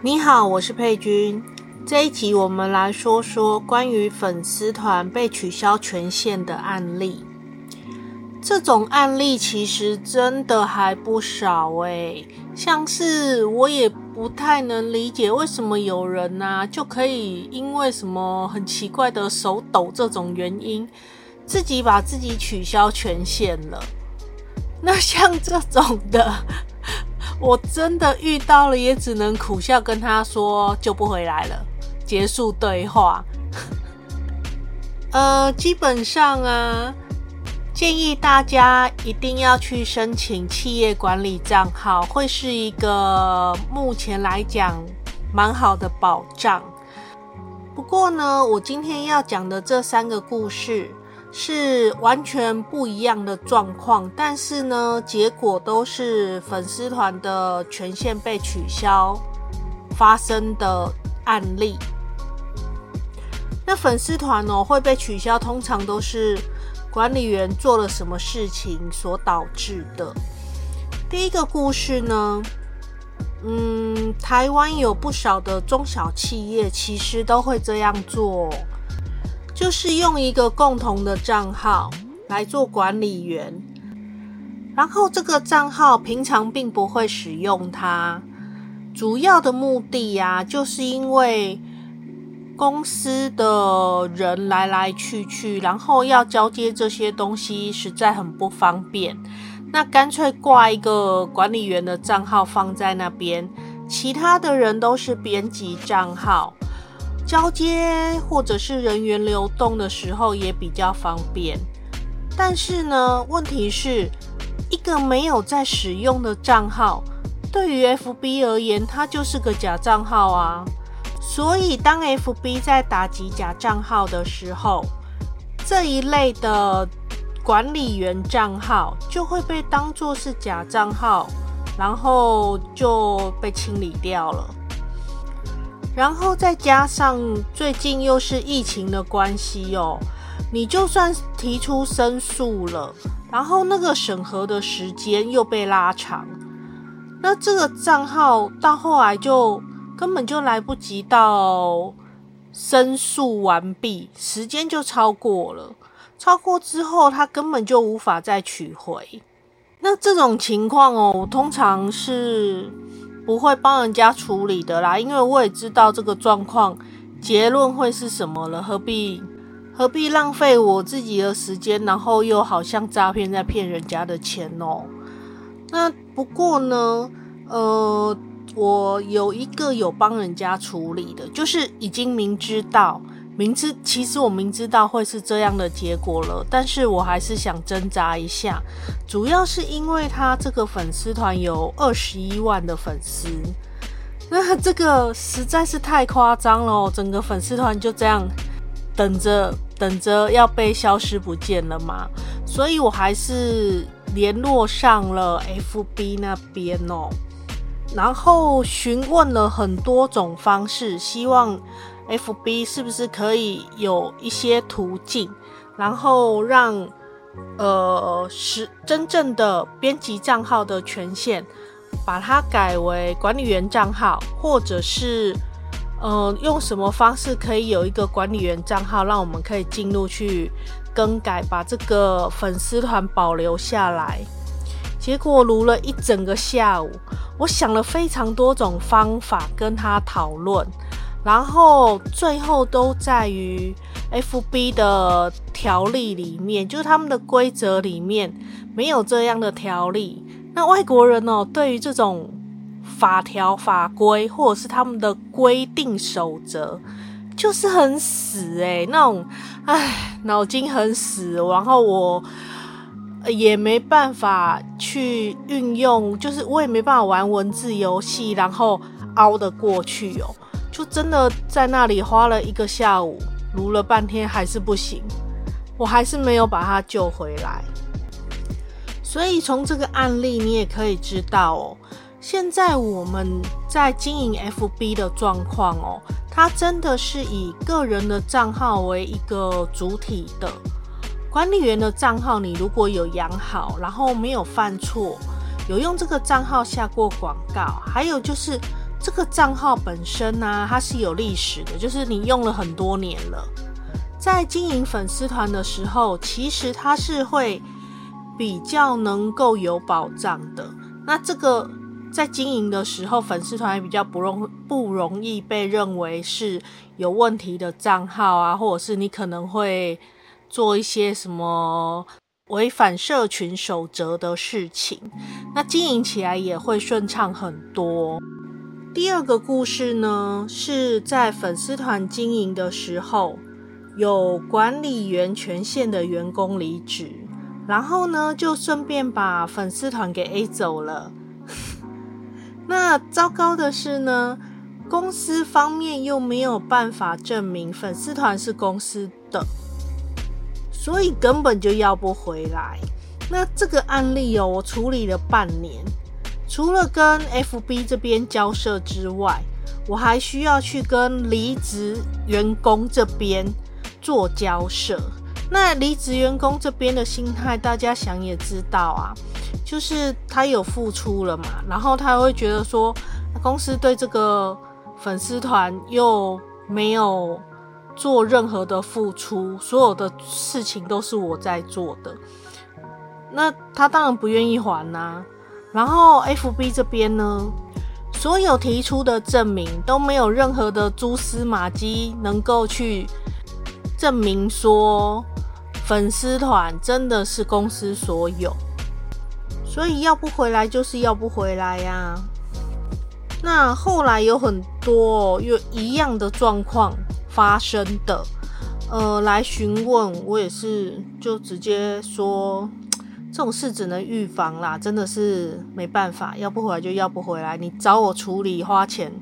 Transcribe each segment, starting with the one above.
你好，我是佩君。這一集我們來說說關於粉絲團被取消權限的案例。這種案例其實真的還不少誒、欸，像是我也不太能理解為什麼有人呢、啊、就可以因為什麼很奇怪的手抖這種原因，自己把自己取消權限了。那像這種的。我真的遇到了，也只能苦笑跟他說救不回來了，結束對話。 呃，基本上啊，建議大家一定要去申請企業管理賬號，會是一個目前來講蠻好的保障。不過呢，我今天要講的這三個故事，是完全不一樣的狀況，但是呢，結果都是粉絲團的權限被取消發生的案例。那粉絲團哦，會被取消，通常都是管理員做了什麼事情所導致的。第一個故事呢，嗯，台灣有不少的中小企業其實都會這樣做。就是用一個共同的賬號來做管理員，然後這個賬號平常並不會使用它，主要的目的啊，就是因為公司的人來來去去，然後要交接這些東西實在很不方便，那乾脆掛一個管理員的賬號放在那邊，其他的人都是編輯賬號。交接或者是人員流動的時候也比較方便，但是呢，問題是一個沒有在使用的賬號，對於 FB 而言，它就是個假賬號啊。所以當 FB 在打擊假賬號的時候，這一類的管理員賬號就會被當作是假賬號，然後就被清理掉了。然後再加上最近又是疫情的關係哦，你就算提出申訴了，然後那個審核的時間又被拉長，那這個賬號到後來就根本就來不及到申訴完畢，時間就超過了，超過之後他根本就無法再取回。那這種情況哦，通常是。不會幫人家處理的啦，因為我也知道這個狀況，結論會是什麼了，何必何必浪費我自己的時間，然後又好像詐騙在騙人家的錢哦。那不過呢，呃，我有一個有幫人家處理的，就是已經明知道。明知其實我明知道會是這樣的結果了，但是我還是想掙扎一下，主要是因為他這個粉絲團有二十一萬的粉絲，那這個實在是太誇張了哦，整個粉絲團就這樣等着等着要被消失不見了嘛，所以我還是聯絡上了 FB 那邊哦，然後詢問了很多種方式，希望。F B 是不是可以有一些途徑，然後讓呃是真正的編輯賬號的權限，把它改為管理員賬號，或者是嗯、呃、用什麼方式可以有一個管理員賬號，讓我們可以進入去更改，把這個粉絲團保留下來。結果盧了一整個下午，我想了非常多種方法跟他討論。然後最後都在於 FB 的條例裡面，就是他們的規則裡面沒有這樣的條例。那外國人哦，對於這種法條、法規或者是他們的規定守則，就是很死誒、欸，那種哎，腦筋很死。然後我也沒辦法去運用，就是我也沒辦法玩文字遊戲，然後凹得過去哦。就真的在那裡花了一個下午，擼了半天還是不行，我還是沒有把它救回來。所以從這個案例，你也可以知道哦，現在我們在經營 FB 的狀況哦，它真的是以個人的賬號為一個主體的管理員的賬號。你如果有養好，然後沒有犯錯，有用這個賬號下過廣告，還有就是。這個賬號本身呢、啊，它是有歷史的，就是你用了很多年了。在經營粉絲團的時候，其實它是會比較能夠有保障的。那這個在經營的時候，粉絲團也比較不容不容易被認為是有問題的賬號啊，或者是你可能會做一些什麼違反社群守則的事情。那經營起來也會順暢很多。第二個故事呢，是在粉絲團經營的時候，有管理員權限的員工離職，然後呢，就順便把粉絲團給 A 走了。 那糟糕的是呢，公司方面又沒有辦法證明粉絲團是公司的，所以根本就要不回來。那這個案例哦，我處理了半年。除了跟 FB 這邊交涉之外，我還需要去跟離職員工這邊做交涉。那離職員工這邊的心態，大家想也知道啊，就是他有付出了嘛，然後他會覺得說，公司對這個粉絲團又沒有做任何的付出，所有的事情都是我在做的。那他當然不願意還啦、啊。然後，FB 這邊呢，所有提出的證明都沒有任何的蛛絲馬跡能夠去證明說粉絲團真的是公司所有，所以要不回來就是要不回來呀、啊。那後來有很多有一樣的狀況發生的，呃，來詢問我也是就直接說。這種事只能預防啦，真的是沒辦法，要不回來就要不回來。你找我處理花錢，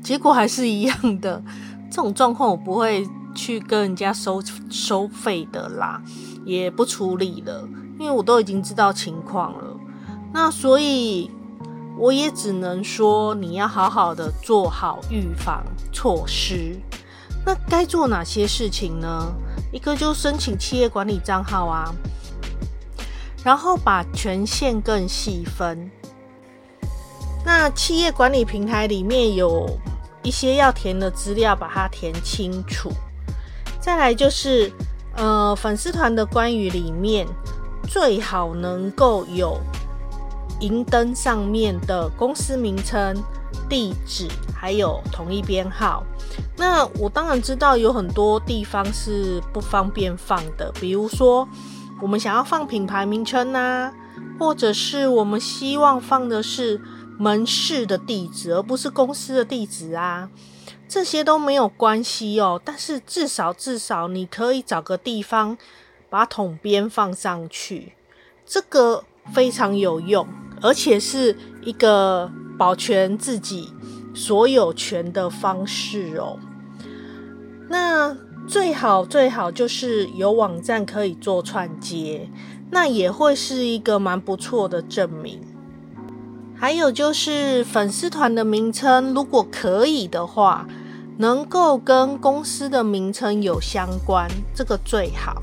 結果還是一樣的。這種狀況我不會去跟人家收收費的啦，也不處理了，因為我都已經知道情況了。那所以我也只能說，你要好好的做好預防措施。那該做哪些事情呢？一個就申請企業管理賬號啊。然後把權限更細分，那企業管理平台裡面有一些要填的資料，把它填清楚。再來就是，呃，粉絲團的關於裡面最好能夠有銀燈上面的公司名稱、地址，還有統一編號。那我當然知道有很多地方是不方便放的，比如說，我們想要放品牌名稱啊，或者是我們希望放的是門市的地址，而不是公司的地址啊，這些都沒有關係哦。但是至少至少你可以找個地方把統編放上去，這個非常有用，而且是一個保全自己所有權的方式哦。那。最好最好就是有網站可以做串接，那也會是一個蠻不錯的證明。還有就是粉絲團的名稱，如果可以的話，能夠跟公司的名稱有相關，這個最好。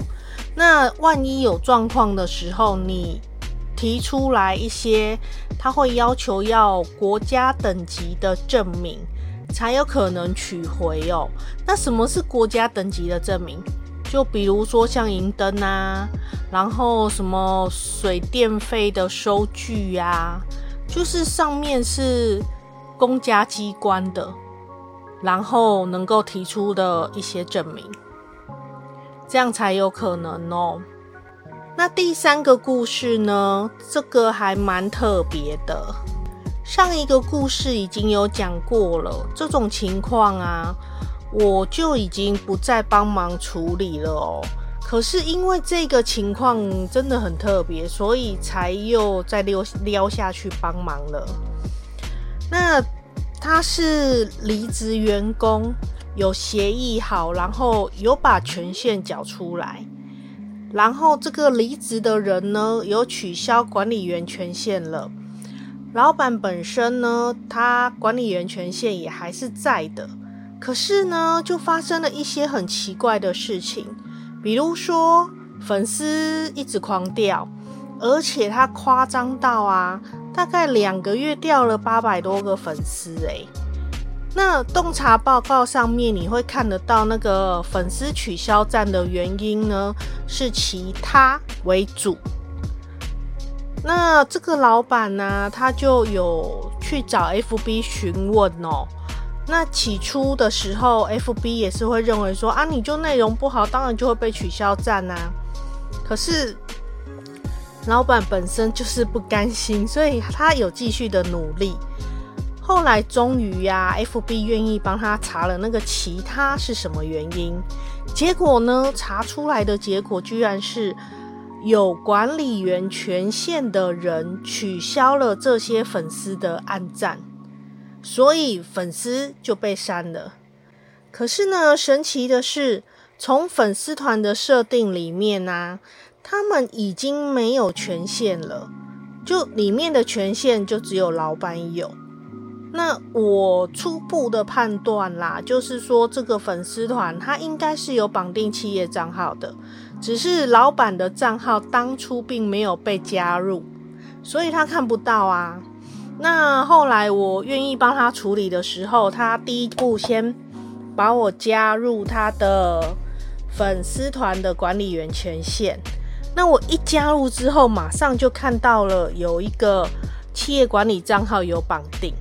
那萬一有狀況的時候，你提出來一些，他會要求要國家等級的證明。才有可能取回哦。那什麼是國家等級的證明？就比如說像營登啊，然後什麼水電費的收據呀、啊，就是上面是公家機關的，然後能夠提出的一些證明，這樣才有可能哦。那第三個故事呢？這個還蠻特別的。上一個故事已經有講過了，這種情況啊，我就已經不再幫忙處理了哦。可是因為這個情況真的很特別，所以才又再撩下去幫忙了。那他是離職員工，有協議好，然後有把權限繳出來，然後這個離職的人呢，有取消管理員權限了。老闆本身呢，他管理員權限也還是在的，可是呢，就發生了一些很奇怪的事情，比如說粉絲一直狂掉，而且他誇張到啊，大概兩個月掉了八百多個粉絲，哎，那洞察報告上面你會看得到那個粉絲取消讚的原因呢，是其他為主。那這個老闆呢，啊，他就有去找 FB 詢問哦。那起初的時候，FB 也是會認為說啊，你就內容不好，當然就會被取消讚啊。可是老闆本身就是不甘心，所以他有繼續的努力。後來終於呀，啊，FB 願意幫他查了那個其他是什麼原因。結果呢，查出來的結果居然是。有管理員權限的人取消了這些粉絲的按讚，所以粉絲就被刪了。可是呢，神奇的是，從粉絲團的設定裡面呢、啊，他們已經沒有權限了，就裡面的權限就只有老板有。那我初步的判斷啦，就是說這個粉絲團他應該是有綁定企業賬號的，只是老闆的賬號當初並沒有被加入，所以他看不到啊。那後來我願意幫他處理的時候，他第一步先把我加入他的粉絲團的管理員權限。那我一加入之後，馬上就看到了有一個企業管理賬號有綁定。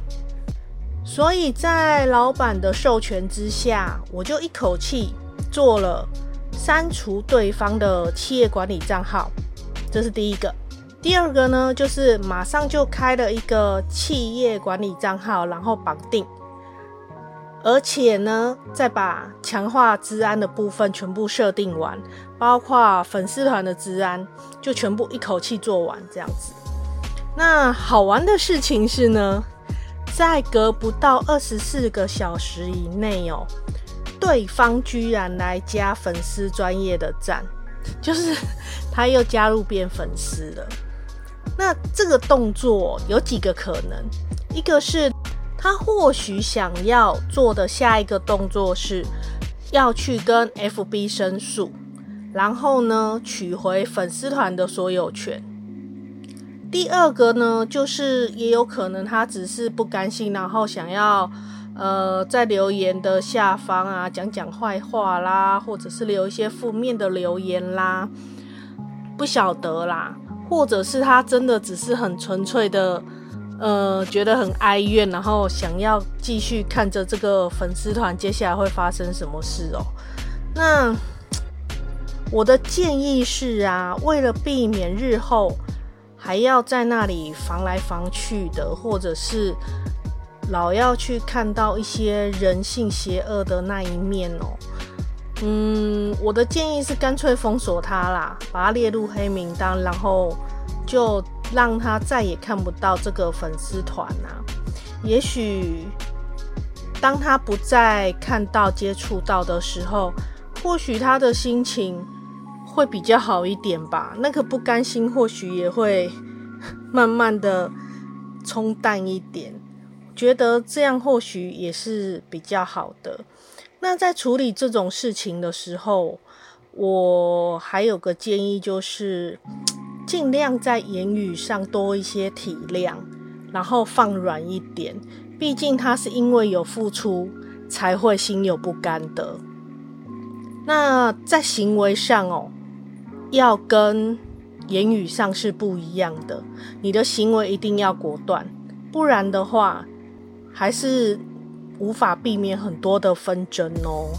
所以在老闆的授權之下，我就一口氣做了刪除對方的企業管理賬號，這是第一個。第二個呢，就是馬上就開了一個企業管理賬號，然後綁定，而且呢，再把強化資安的部分全部設定完，包括粉絲團的資安，就全部一口氣做完這樣子。那好玩的事情是呢，在隔不到二十四個小時以內哦，對方居然來加粉絲專頁的讚，就是他又加入變粉絲了。那這個動作有幾個可能？一個是他或許想要做的下一個動作是要去跟 FB 申訴，然後呢，取回粉絲團的所有權。第二個呢，就是也有可能他只是不甘心，然後想要呃在留言的下方啊講講壞話啦，或者是留一些負面的留言啦，不曉得啦，或者是他真的只是很純粹的呃覺得很哀怨，然後想要繼續看着這個粉絲團接下來會發生什麼事哦。那我的建議是啊，為了避免日後。還要在那裡防來防去的，或者是老要去看到一些人性邪惡的那一面哦。嗯，我的建議是乾脆封鎖他啦，把他列入黑名單，然後就讓他再也看不到這個粉絲團啊。也許當他不再看到、接觸到的時候，或許他的心情。會比較好一點吧，那個不甘心或許也會慢慢的沖淡一點，覺得這樣或許也是比較好的。那在處理這種事情的時候，我還有個建議，就是儘量在言語上多一些體諒，然後放軟一點。畢竟他是因為有付出才會心有不甘的。那在行為上哦。要跟言語上是不一樣的，你的行為一定要果斷，不然的話，還是無法避免很多的紛爭哦。